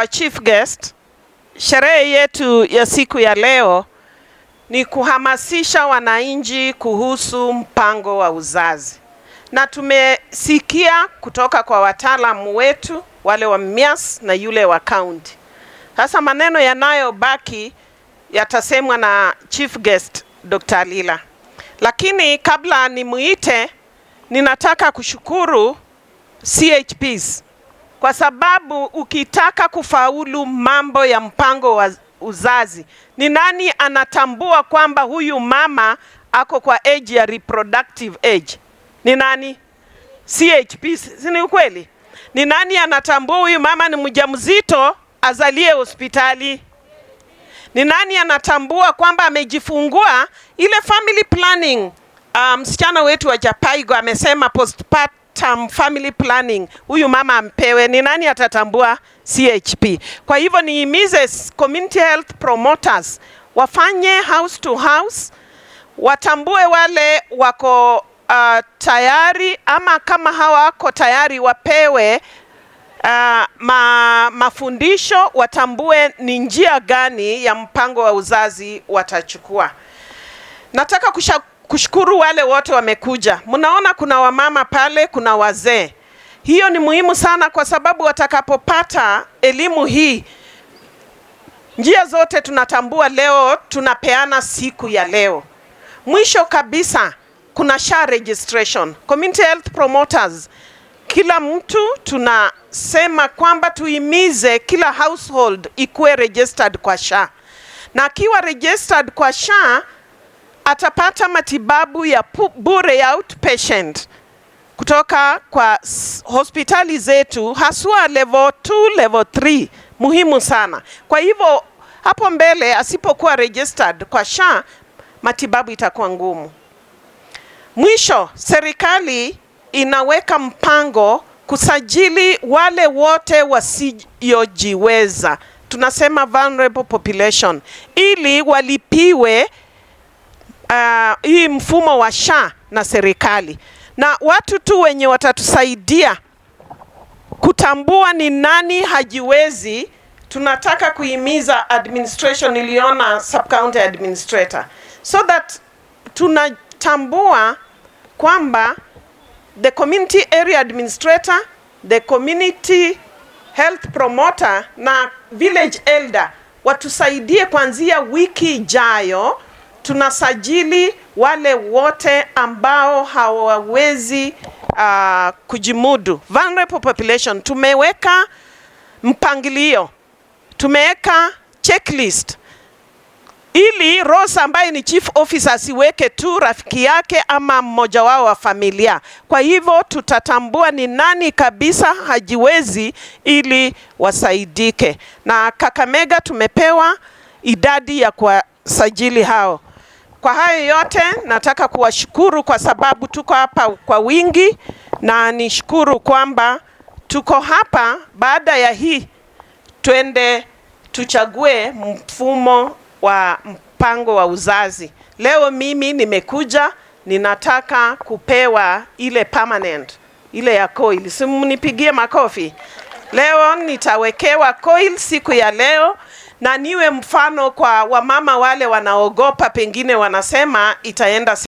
our chief guest, sherehe yetu ya siku ya leo ni kuhamasisha wananchi kuhusu mpango wa uzazi, na tumesikia kutoka kwa wataalamu wetu wale wa Mias na yule wa kaunti. Sasa maneno yanayobaki yatasemwa na chief guest Dr. Lila, lakini kabla nimuite, ninataka kushukuru CHPs kwa sababu ukitaka kufaulu mambo ya mpango wa uzazi, ni nani anatambua kwamba huyu mama ako kwa age ya reproductive age? Ni nani? CHP, si ni ukweli? Ni nani anatambua huyu mama ni mjamzito azalie hospitali? Ni nani anatambua kwamba amejifungua? Ile family planning uh, msichana um, wetu wa Japaigo amesema postpartum term family planning, huyu mama ampewe. Ni nani atatambua CHP? Kwa hivyo nihimize community health promoters wafanye house to house, watambue wale wako uh, tayari ama kama hawako tayari wapewe Uh, ma, mafundisho watambue ni njia gani ya mpango wa uzazi watachukua. Nataka kusha, kushukuru wale wote wamekuja. Mnaona kuna wamama pale, kuna wazee. Hiyo ni muhimu sana, kwa sababu watakapopata elimu hii, njia zote tunatambua. Leo tunapeana siku ya leo, mwisho kabisa kuna SHA registration, community health promoters. Kila mtu tunasema kwamba tuhimize kila household ikuwe registered kwa SHA, na akiwa registered kwa SHA atapata matibabu ya bure ya outpatient kutoka kwa hospitali zetu haswa level 2, level 3, muhimu sana. Kwa hivyo hapo mbele asipokuwa registered kwa SHA matibabu itakuwa ngumu. Mwisho, serikali inaweka mpango kusajili wale wote wasiojiweza, tunasema vulnerable population, ili walipiwe uh, hii mfumo wa SHA na serikali, na watu tu wenye watatusaidia kutambua ni nani hajiwezi. Tunataka kuhimiza administration, iliona sub county administrator, so that tunatambua kwamba the community area administrator, the community health promoter na village elder watusaidie kuanzia wiki ijayo tunasajili wale wote ambao hawawezi uh, kujimudu. Vulnerable population tumeweka mpangilio, tumeweka checklist ili Rose ambaye ni chief officer asiweke tu rafiki yake ama mmoja wao wa familia. Kwa hivyo tutatambua ni nani kabisa hajiwezi ili wasaidike. Na Kakamega tumepewa idadi ya kuwasajili hao. Kwa hayo yote nataka kuwashukuru kwa sababu tuko hapa kwa wingi, na nishukuru kwamba tuko hapa baada ya hii, twende tuchague mfumo wa mpango wa uzazi. Leo mimi nimekuja, ninataka kupewa ile permanent, ile ya coil. Simnipigie makofi. Leo nitawekewa coil siku ya leo na niwe mfano kwa wamama wale wanaogopa, pengine wanasema itaenda